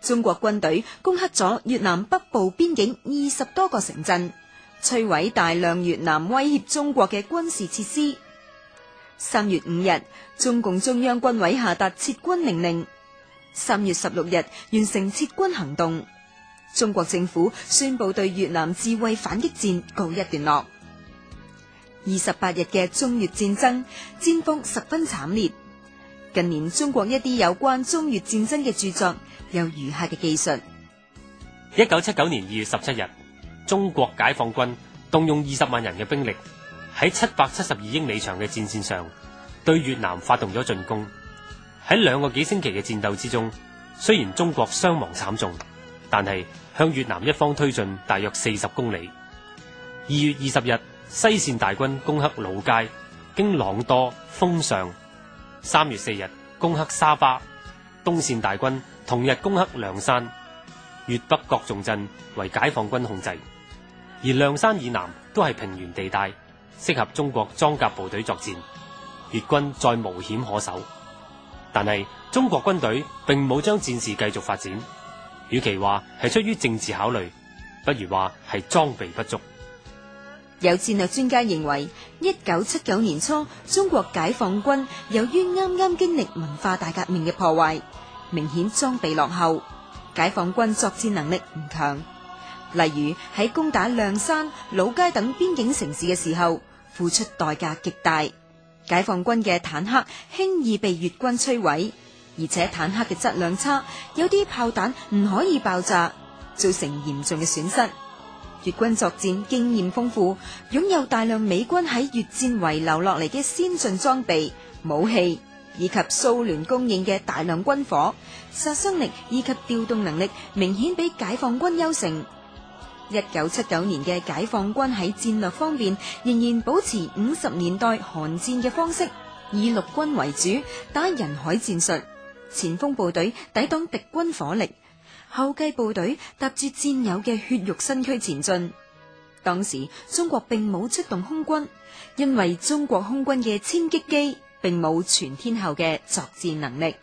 中國軍隊攻克咗越南北部邊境二十多個城鎮，摧毀大量越南威脅中國嘅軍事設施。三月五日，中共中央軍委下達撤軍命令。三月十六日，完成撤軍行動。中國政府宣布對越南自衛反擊戰告一段落。二十八日嘅中越戰爭，戰況十分慘烈。近年中國一啲有關中越戰爭嘅著作有如下嘅記述：一九七九年二月十七日，中國解放軍動用二十萬人嘅兵力，喺七百七十二英里長嘅戰線上對越南發動咗進攻。喺兩個幾星期嘅戰鬥之中，雖然中國傷亡慘重，但係向越南一方推進大約四十公里。二月二十日，西線大軍攻克老街，經朗多、豐尚。三月四日，攻克沙巴，東線大軍同日攻克梁山，越北各重鎮為解放軍控制，而梁山以南都係平原地帶，適合中國裝甲部隊作戰，越軍再無險可守。但係中國軍隊並冇將戰事繼續發展，與其話係出於政治考慮，不如話係裝備不足。有戰略專家認為，一九七九年初，中國解放軍由於啱啱經歷文化大革命嘅破壞，明顯裝備落後，解放軍作戰能力唔強。例如喺攻打諒山、老街等邊境城市嘅時候，付出代價極大。解放軍嘅坦克輕易被越軍摧毀，而且坦克嘅質量差，有啲炮彈唔可以爆炸，造成嚴重嘅損失。越軍作戰經驗豐富，擁有大量美軍喺越戰遺留落嚟嘅先進裝備、武器，以及蘇聯供應嘅大量軍火，殺傷力以及調動能力明顯比解放軍優勝。一九七九年嘅解放軍喺戰略方面仍然保持五十年代韓戰嘅方式，以陸軍為主，打人海戰術，前鋒部隊抵擋敵軍火力。後繼部隊踏住戰友嘅血肉身軀前進。當時中國並冇出動空軍，因為中國空軍嘅殲擊機並冇全天候嘅作戰能力。